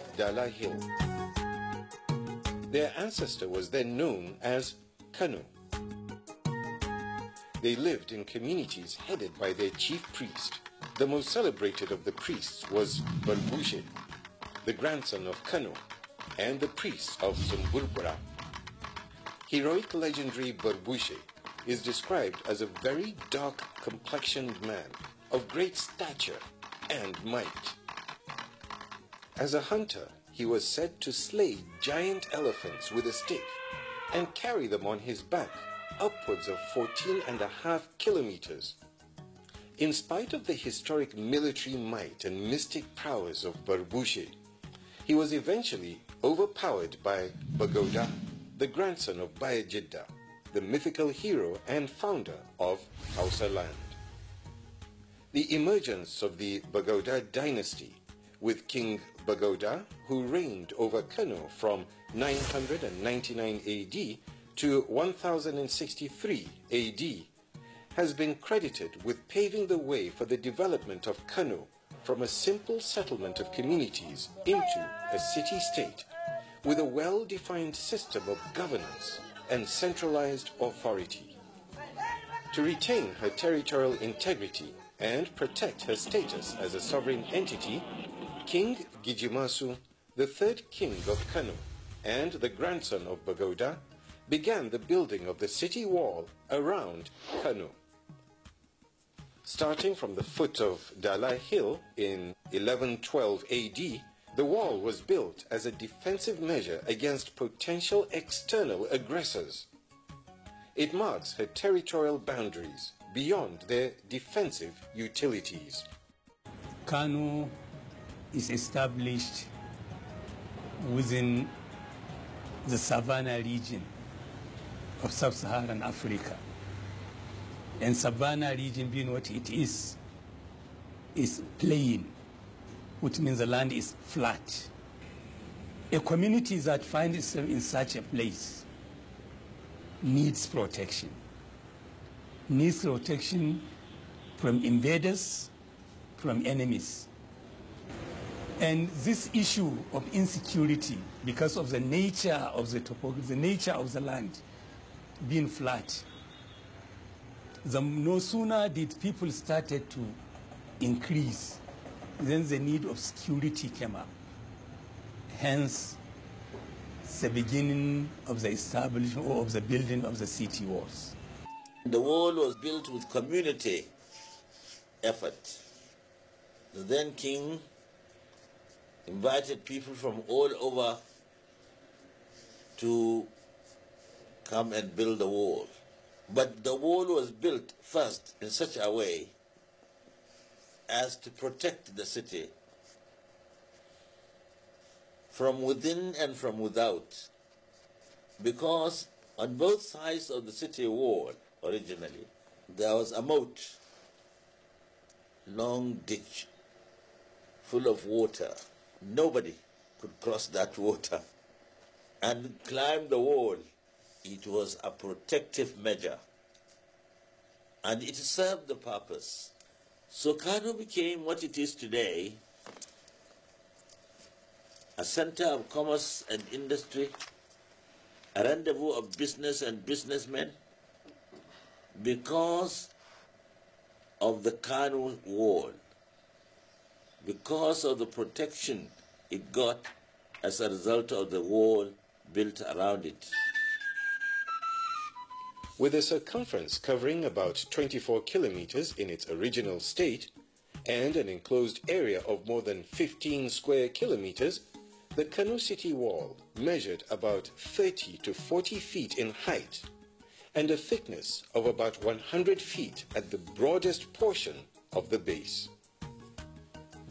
at Dala Hill. Their ancestor was then known as Kanu. They lived in communities headed by their chief priest. The most celebrated of the priests was Balbushe, the grandson of Kanu and the priest of Zumburbura. Heroic legendary Barbushe is described as a very dark complexioned man of great stature and might. As a hunter, he was said to slay giant elephants with a stick and carry them on his back upwards of 14 and a half kilometers. In spite of the historic military might and mystic prowess of Barbuche, he was eventually overpowered by Bagoda, the grandson of Bayajidda, the mythical hero and founder of Hausa land. The emergence of the Bagoda dynasty with King Bagoda, who reigned over Kano from 999 AD to 1063 AD, has been credited with paving the way for the development of Kano from a simple settlement of communities into a city-state with a well-defined system of governance and centralized authority. To retain her territorial integrity and protect her status as a sovereign entity, King Gijimasu, the third king of Kanu and the grandson of Bagoda, began the building of the city wall around Kanu. Starting from the foot of Dalai Hill in 1112 AD, the wall was built as a defensive measure against potential external aggressors. It marks her territorial boundaries beyond their defensive utilities. Kanu is established within the savannah region of sub-Saharan Africa. And savannah region being what it is, is plain, which means the land is flat. A community that finds itself in such a place needs protection. Needs protection from invaders, from enemies. And this issue of insecurity, because of the nature of the topography, the nature of the land being flat, the, no sooner did people started to increase, then the need of security came up. Hence, the beginning of the establishment or of the building of the city walls. The wall was built with community effort. The then king invited people from all over to come and build the wall. But the wall was built first in such a way as to protect the city from within and from without. Because on both sides of the city wall, originally, there was a moat, long ditch, full of water. Nobody could cross that water and climb the wall. It was a protective measure and it served the purpose. So Kano became what it is today, a center of commerce and industry, a rendezvous of business and businessmen, because of the Kano Wall because of the protection it got as a result of the wall built around it. With a circumference covering about 24 kilometers in its original state and an enclosed area of more than 15 square kilometers, the Kanu City Wall measured about 30 to 40 feet in height and a thickness of about 100 feet at the broadest portion of the base.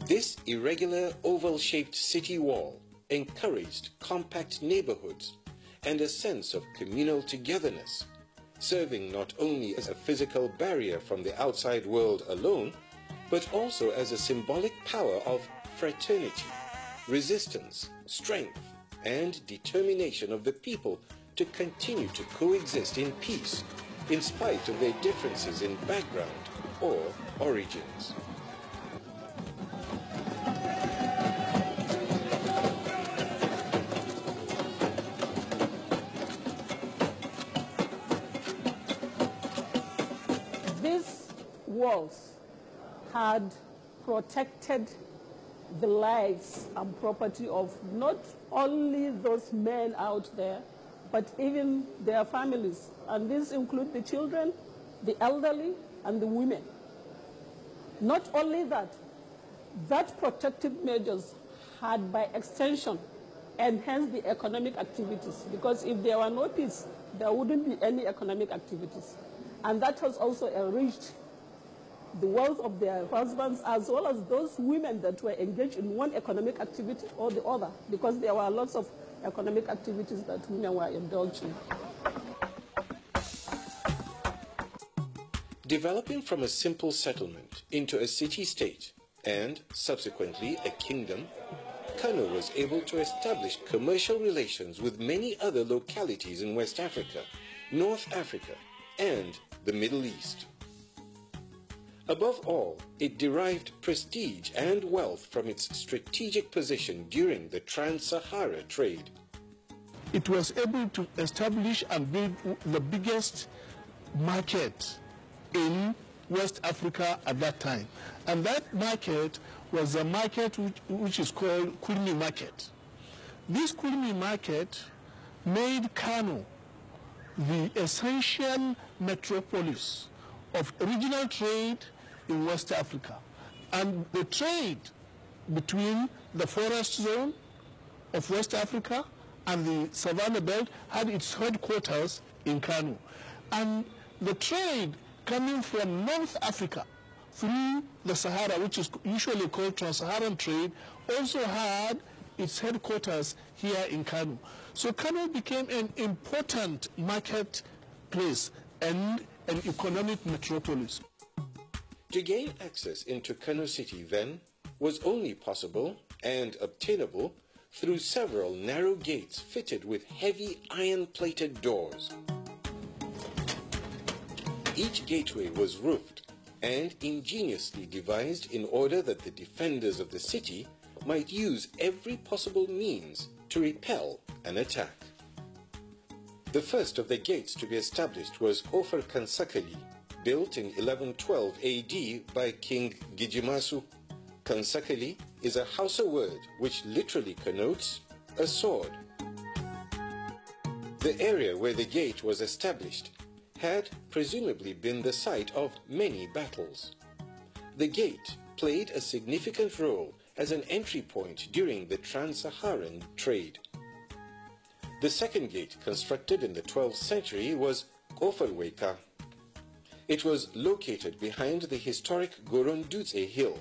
This irregular oval-shaped city wall encouraged compact neighborhoods and a sense of communal togetherness, serving not only as a physical barrier from the outside world alone, but also as a symbolic power of fraternity, resistance, strength, and determination of the people to continue to coexist in peace, in spite of their differences in background or origins. had protected the lives and property of not only those men out there, but even their families. And these include the children, the elderly, and the women. Not only that, that protective measures had by extension enhanced the economic activities because if there were no peace, there wouldn't be any economic activities. And that has also enriched the wealth of their husbands, as well as those women that were engaged in one economic activity or the other, because there were lots of economic activities that women were indulging. Developing from a simple settlement into a city-state and subsequently a kingdom, Kano was able to establish commercial relations with many other localities in West Africa, North Africa, and the Middle East. Above all, it derived prestige and wealth from its strategic position during the Trans-Sahara trade. It was able to establish and build the biggest market in West Africa at that time. And that market was a market which, which is called Kurmi market. This Kurmi market made Kano the essential metropolis of regional trade in West Africa. And the trade between the forest zone of West Africa and the savannah belt had its headquarters in Kanu. And the trade coming from North Africa through the Sahara, which is usually called Trans-Saharan trade, also had its headquarters here in Kanu. So Kanu became an important market place and an economic metropolis. To gain access into Kano city then was only possible and obtainable through several narrow gates fitted with heavy iron-plated doors. Each gateway was roofed and ingeniously devised in order that the defenders of the city might use every possible means to repel an attack. The first of the gates to be established was Ofar Kansakali, built in 1112 AD by King Gijimasu Kansakali, is a Hausa word which literally connotes a sword. The area where the gate was established had presumably been the site of many battles. The gate played a significant role as an entry point during the trans-Saharan trade. The second gate constructed in the 12th century was Kofarweka it was located behind the historic Gorondutse hill.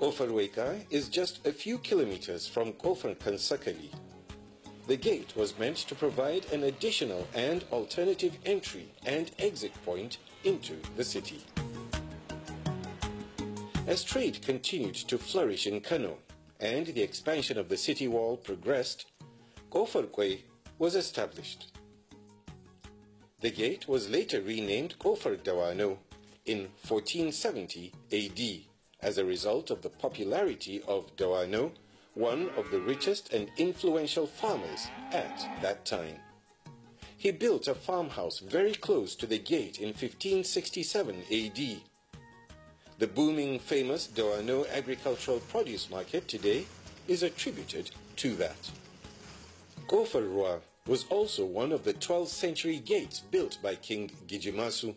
Kofarweka is just a few kilometers from Kofar Kansakali. The gate was meant to provide an additional and alternative entry and exit point into the city. As trade continued to flourish in Kano and the expansion of the city wall progressed, Kofarkwe was established. The gate was later renamed Kofar Dawano in 1470 AD as a result of the popularity of Dawano, one of the richest and influential farmers at that time. He built a farmhouse very close to the gate in 1567 AD. The booming famous Doano agricultural produce market today is attributed to that. Gopher Roy was also one of the 12th century gates built by King Gijimasu.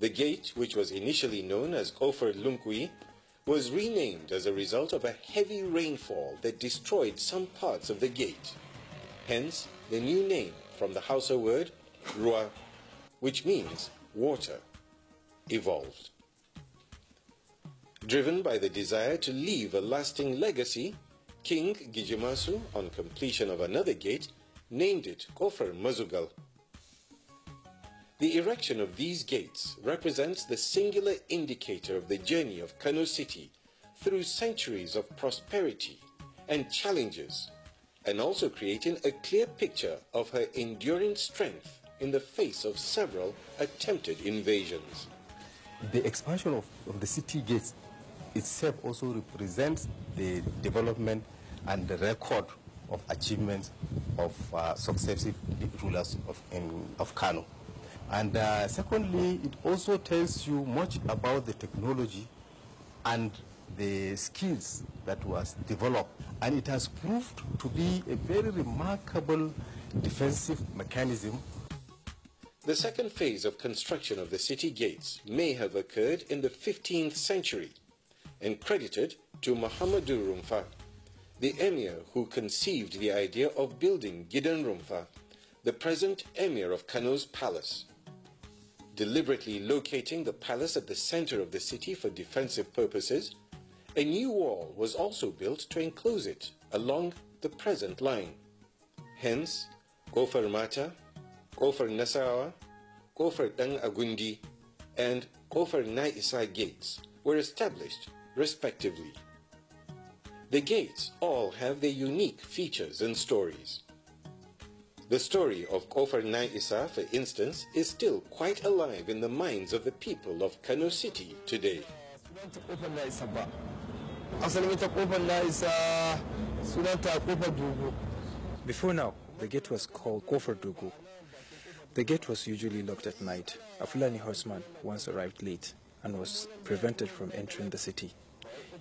The gate, which was initially known as Ofer Lunkwi, was renamed as a result of a heavy rainfall that destroyed some parts of the gate. Hence, the new name from the Hausa word Rua, which means water, evolved. Driven by the desire to leave a lasting legacy, King Gijimasu, on completion of another gate, named it Kofar Mazugal. The erection of these gates represents the singular indicator of the journey of Kano City through centuries of prosperity and challenges, and also creating a clear picture of her enduring strength in the face of several attempted invasions. The expansion of, of the city gates itself also represents the development and the record of achievements of uh, successive rulers of, in, of Kano. And uh, secondly, it also tells you much about the technology and the skills that was developed. And it has proved to be a very remarkable defensive mechanism. The second phase of construction of the city gates may have occurred in the 15th century and credited to Muhammadu Rumfa the emir who conceived the idea of building Rumfa, the present emir of Kanu's palace. Deliberately locating the palace at the center of the city for defensive purposes, a new wall was also built to enclose it along the present line. Hence, Gofar Mata, Gofar Nasawa, Gofar Tang Agundi, and Gofar Naisa gates were established respectively. The gates all have their unique features and stories. The story of Kofar Nai Isa, for instance, is still quite alive in the minds of the people of Kano City today. Before now, the gate was called Kofar Dugu. The gate was usually locked at night. A Fulani horseman once arrived late and was prevented from entering the city.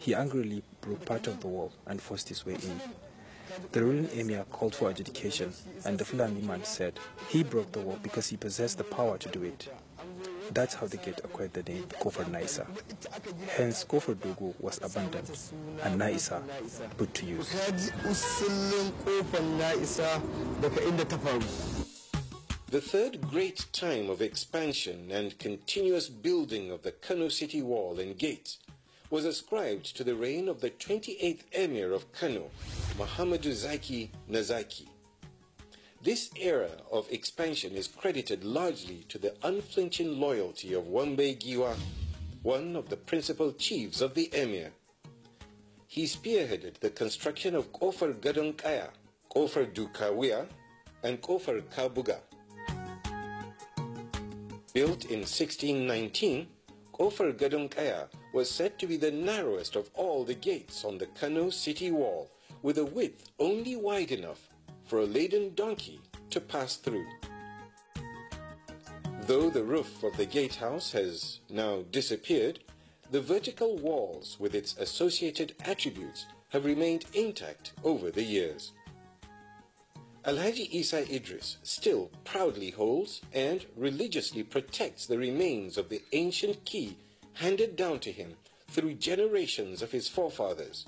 He angrily broke part of the wall and forced his way in. The ruling emir called for adjudication, and the Fulani man said he broke the wall because he possessed the power to do it. That's how the gate acquired the name Kofar Naisa. Hence, Kofar Dogo was abandoned and Naisa put to use. The third great time of expansion and continuous building of the Kano city wall and gate was ascribed to the reign of the 28th Emir of Kano, Muhammadu Zaki Nazaki. This era of expansion is credited largely to the unflinching loyalty of Wambe Giwa, one of the principal chiefs of the emir. He spearheaded the construction of Kofar Gadonkaya, Kofar Dukawia, and Kofar Kabuga. Built in 1619, Kofar Gadonkaya was said to be the narrowest of all the gates on the Kano city wall, with a width only wide enough for a laden donkey to pass through. Though the roof of the gatehouse has now disappeared, the vertical walls with its associated attributes have remained intact over the years. Alhaji Isa Idris still proudly holds and religiously protects the remains of the ancient key handed down to him through generations of his forefathers.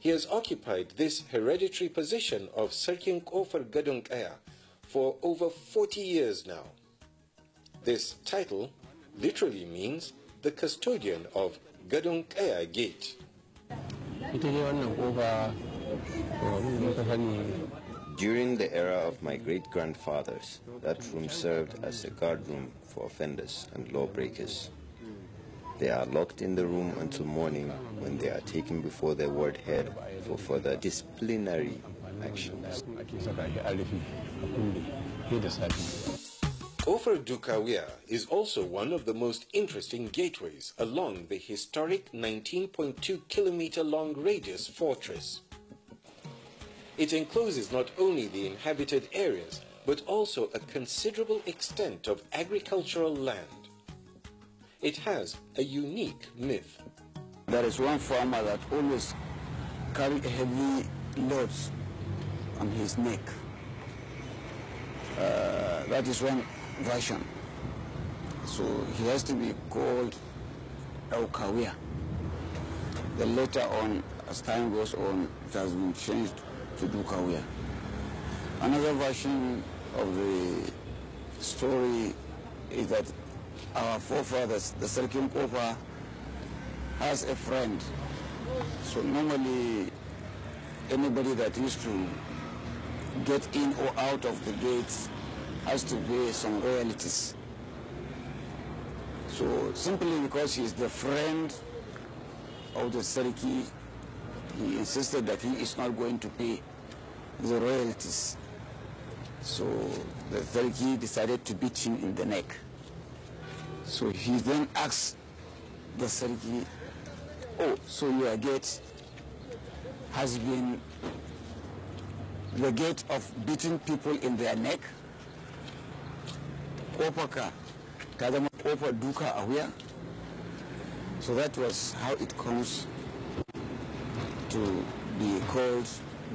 He has occupied this hereditary position of Sirkin Kofar Gadung for over 40 years now. This title literally means the custodian of Gadung Gate. During the era of my great grandfathers, that room served as a guard room for offenders and lawbreakers. They are locked in the room until morning when they are taken before their ward head for further disciplinary actions. Ofer Dukawia is also one of the most interesting gateways along the historic 19.2 kilometer long radius fortress. It encloses not only the inhabited areas but also a considerable extent of agricultural land. It has a unique myth. There is one farmer that always carry heavy loads on his neck. Uh, that is one version. So he has to be called Aukawia. The later on, as time goes on, it has been changed to Dukawia. Another version of the story is that our forefathers, the Serkim Kofa, has a friend. So normally anybody that used to get in or out of the gates has to pay some royalties. So simply because he is the friend of the Seriki, he insisted that he is not going to pay the royalties. So the Seriki decided to beat him in the neck. So he then asks the Sergi, oh, so your gate has been the gate of beating people in their neck? Opa Duka So that was how it comes to be called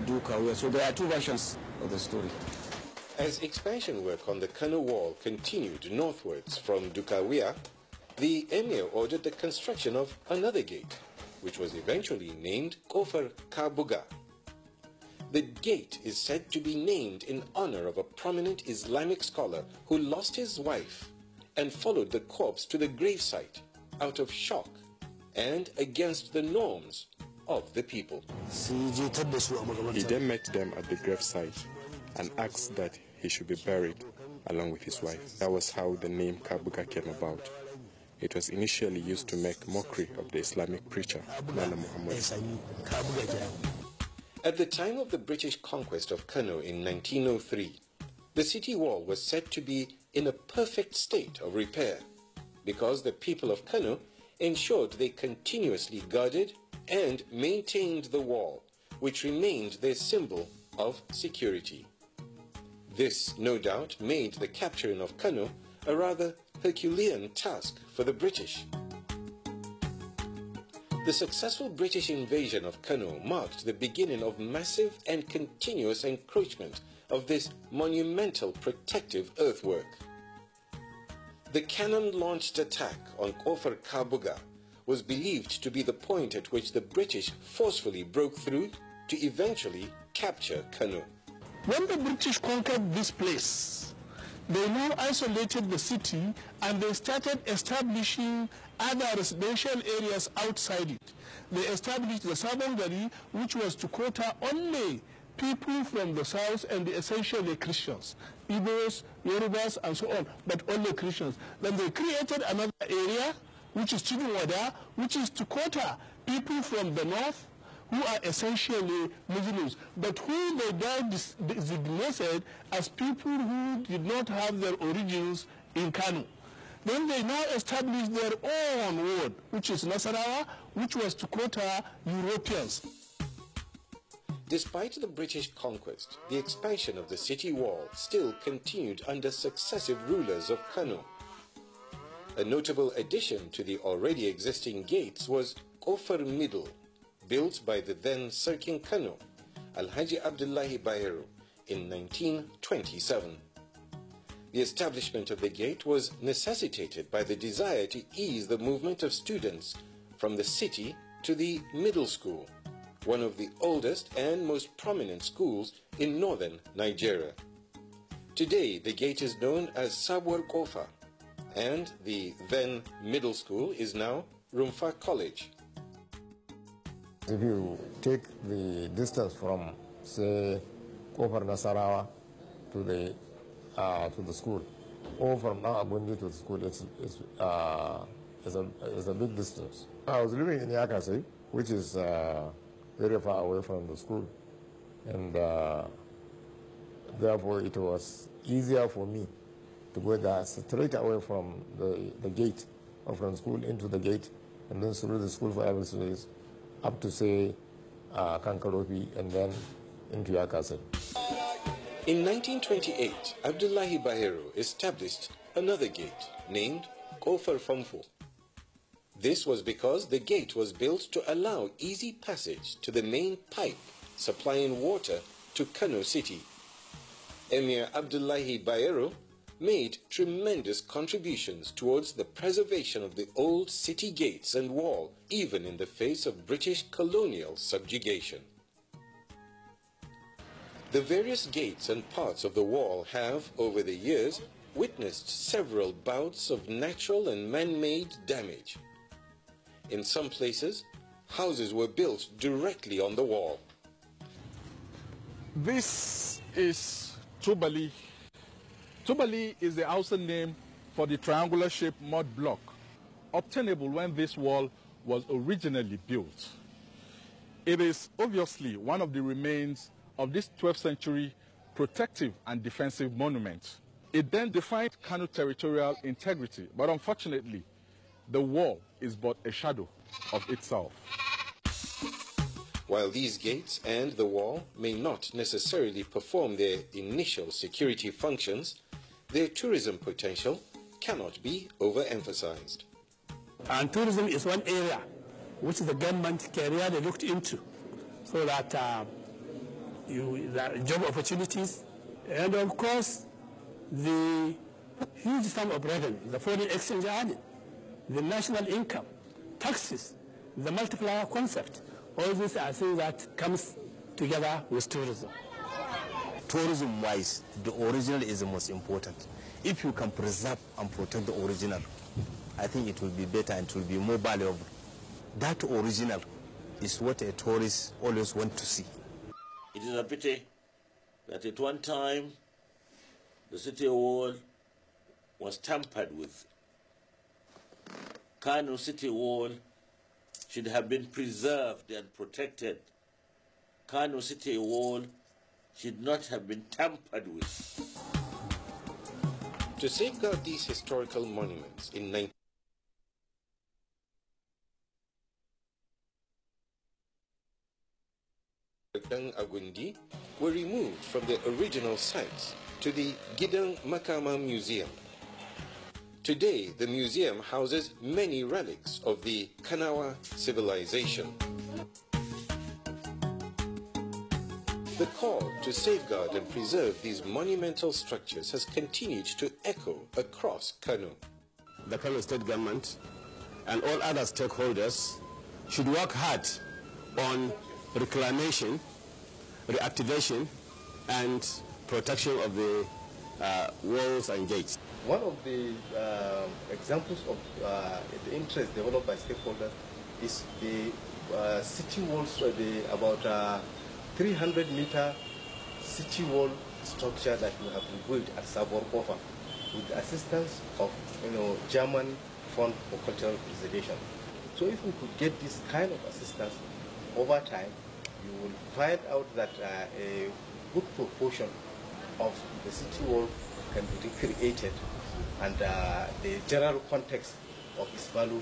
Duka Awia. So there are two versions of the story. As expansion work on the Kano Wall continued northwards from Dukawiya, the emir ordered the construction of another gate, which was eventually named Kofar Kabuga. The gate is said to be named in honor of a prominent Islamic scholar who lost his wife and followed the corpse to the gravesite out of shock and against the norms of the people. He then met them at the gravesite and asked that he should be buried along with his wife. That was how the name Kabuga came about. It was initially used to make mockery of the Islamic preacher, Nana Muhammad. At the time of the British conquest of Kano in 1903, the city wall was said to be in a perfect state of repair because the people of Kano ensured they continuously guarded and maintained the wall, which remained their symbol of security. This, no doubt, made the capturing of Kano a rather Herculean task for the British. The successful British invasion of Kano marked the beginning of massive and continuous encroachment of this monumental protective earthwork. The cannon-launched attack on Kofar Kabuga was believed to be the point at which the British forcefully broke through to eventually capture Kano. When the British conquered this place, they now isolated the city and they started establishing other residential areas outside it. They established the southern gully, which was to quota only people from the south and essentially Christians, Igbos, Yorubas, and so on, but only Christians. Then they created another area, which is Chidinwada, which is to quota people from the north who are essentially Muslims, but who they then designated as people who did not have their origins in Kanu. Then they now established their own word, which is Nasarawa, which was to quota Europeans. Despite the British conquest, the expansion of the city wall still continued under successive rulers of Kanu. A notable addition to the already existing gates was Kofar Middle, built by the then Sarkin Kano, Alhaji Abdullahi Bayeru, in 1927. The establishment of the gate was necessitated by the desire to ease the movement of students from the city to the middle school, one of the oldest and most prominent schools in northern Nigeria. Today, the gate is known as Sabwar Kofa, and the then middle school is now Rumfa College. If you take the distance from, say, Kofar Nasarawa to the, uh, to the school, or from Naabundi to the school, it's, it's, uh, it's, a, it's a big distance. I was living in Yakasi, which is uh, very far away from the school, and uh, therefore it was easier for me to go there straight away from the, the gate or from school into the gate and then through the school for every service up to say uh, Kankarobi and then into Yakasa. In 1928, Abdullahi Bahero established another gate named Kofar Famfo. This was because the gate was built to allow easy passage to the main pipe supplying water to Kano city. Emir Abdullahi Bayero made tremendous contributions towards the preservation of the old city gates and wall, even in the face of British colonial subjugation. The various gates and parts of the wall have, over the years, witnessed several bouts of natural and man-made damage. In some places, houses were built directly on the wall. This is Tubali Tubali is the Hausa name for the triangular-shaped mud block obtainable when this wall was originally built. It is obviously one of the remains of this 12th century protective and defensive monument. It then defined Kano territorial integrity, but unfortunately, the wall is but a shadow of itself. While these gates and the wall may not necessarily perform their initial security functions, their tourism potential cannot be overemphasized. And tourism is one area which the government can really look into so that uh, you, job opportunities and of course the huge sum of revenue, the foreign exchange added, the national income, taxes, the multiplier concept. All these are things that comes together with tourism. Tourism-wise, the original is the most important. If you can preserve and protect the original, I think it will be better and it will be more valuable. That original is what a tourist always want to see. It is a pity that at one time the city wall was tampered with. Kano city wall should have been preserved and protected. Kano City Wall should not have been tampered with. To safeguard these historical monuments in 19 Gidang Agundi were removed from their original sites to the Gidang Makama Museum Today, the museum houses many relics of the Kanawa civilization. The call to safeguard and preserve these monumental structures has continued to echo across Kanu. The Kanu state government and all other stakeholders should work hard on reclamation, reactivation, and protection of the uh, walls and gates. One of the uh, examples of uh, the interest developed by stakeholders is the uh, city wall, the about uh, 300 meter city wall structure that we have rebuilt at Saborkova with the assistance of you know, German Fund for Cultural Preservation. So if we could get this kind of assistance over time, you will find out that uh, a good proportion of the city wall can be recreated and uh, the general context of its value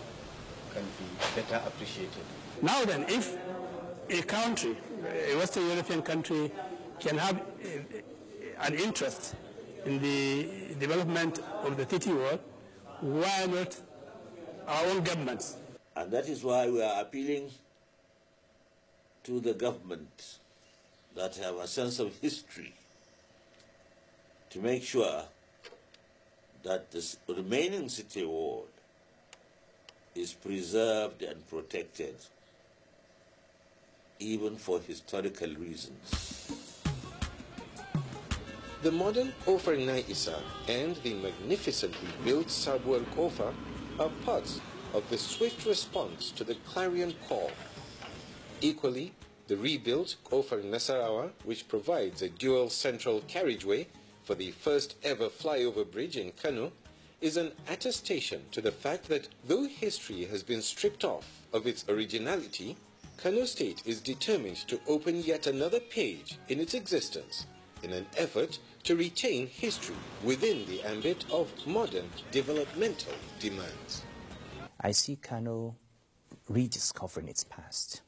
can be better appreciated. Now then, if a country, a Western European country, can have an interest in the development of the city wall, why not our own governments? And that is why we are appealing to the government that have a sense of history to make sure that the remaining city ward is preserved and protected even for historical reasons. The modern Kofar Naisa and the magnificently built Sabwal Kofa are parts of the swift response to the clarion call. Equally, the rebuilt Kofar Nasarawa, which provides a dual central carriageway for the first ever flyover bridge in Kanu is an attestation to the fact that though history has been stripped off of its originality, Kanu State is determined to open yet another page in its existence in an effort to retain history within the ambit of modern developmental demands. I see Kano rediscovering its past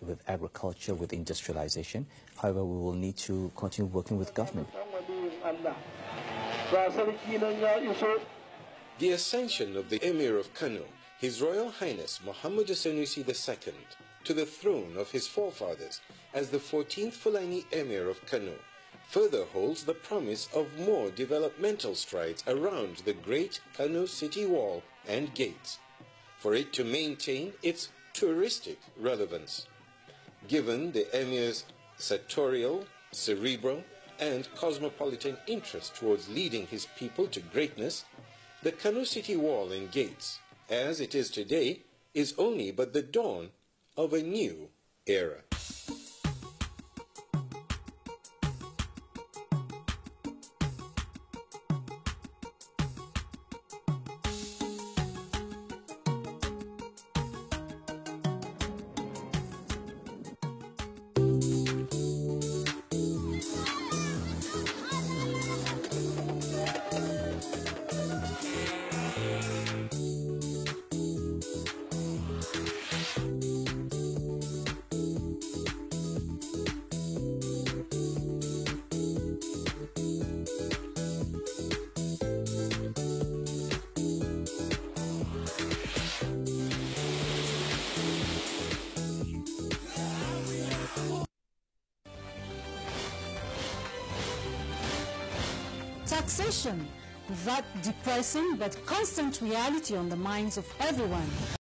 with agriculture, with industrialization. However, we will need to continue working with government. Allah. The ascension of the Emir of Kano, His Royal Highness Muhammad Sanusi II, to the throne of his forefathers as the 14th Fulani Emir of Kano, further holds the promise of more developmental strides around the great Kano city wall and gates, for it to maintain its touristic relevance. Given the Emir's sartorial, cerebral, and cosmopolitan interest towards leading his people to greatness, the Kanu city wall and gates, as it is today, is only but the dawn of a new era. that depressing but constant reality on the minds of everyone.